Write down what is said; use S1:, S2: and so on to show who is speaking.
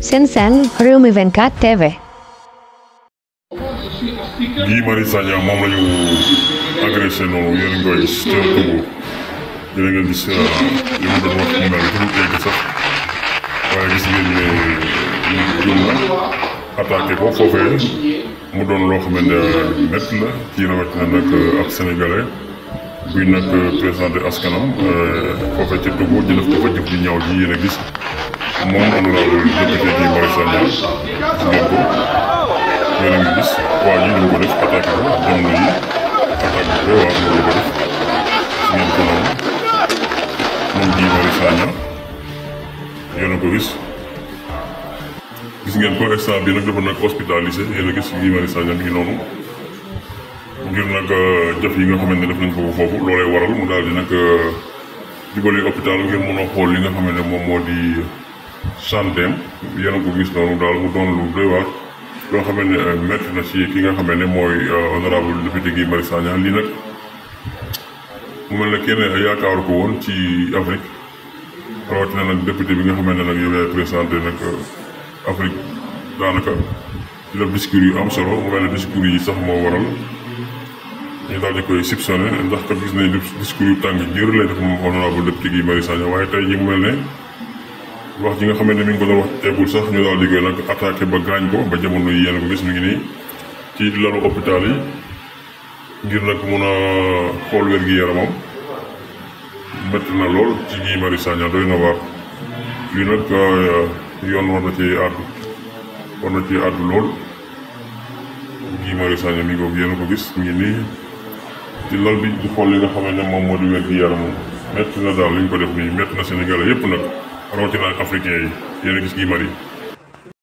S1: sen Sensen, Rumi venka TV. Gimari saja mamlayu agresenol yeren goy stel tubu yeren ngeen gis li mu doon wax mu mel du egg sax waaye gis ngeen ne ñu attaqué ko foofee mu doon loo xamante ne métti la ci rawatina nag euh, ab sénégalais buy nag euh, présenté askanam euh, foofee ca Togo ñu jëf di ñaaw ji yéen a gis moom honorable député ji Mary Teuw Niane ngeen ko ji ñu ko def ko gis. gis ngeen ko instant bi nag dafa nag hospitalisé yéen a gis Guy Marius Sagna mi ngi noonu ngir nag euh, jëf yi nga xamante ne def nañ foofu loolay waral mu daal di nag jubali euh, hôpital ngir mën xool li nga xamante ne moom moo di santeem yéen a ko gis noonu daal mu doon lu doy waar loo xamante ne euh, na ci ki nga xamante ne mooy honorable député Guy Marius Sagna lii nag mu mel ne kenn yaakaaru ko woon ci Afrique rawatina nag député bi nga xamante ne nag yow présenté nag Afrique daanaka di def discours yu am solo mu mel ne discours yi sax moo waral ñu daal di koy sipsonné ndax kat gis nañ discours yu tàng jër lay def moom honorable député Guy Marius Sagna waaye tey ji mu mel ne wax ji nga xamante ne mi ngi ko doon wax eggul sax ñu daal di koy nag attaqué ba gaañ ko ba jamono yi ko gis ngi nii ci lalu hôpital yi ngir nag mun a xool wér gi yaramam métti na lool ci Guy Marius Sagna doy na waar lii nag euh, yoon war na cee àddu war na cee àddu lool Guy Marius mi ngoog yéen ko gis ngi nii ci lal bi di xool li nga xamante ne moom moo di wér gi yaramam metti na daal li ñu ko def nii metti na Sénégal yëpp nag rawatina ak africain yi yéen a gis Guy Marius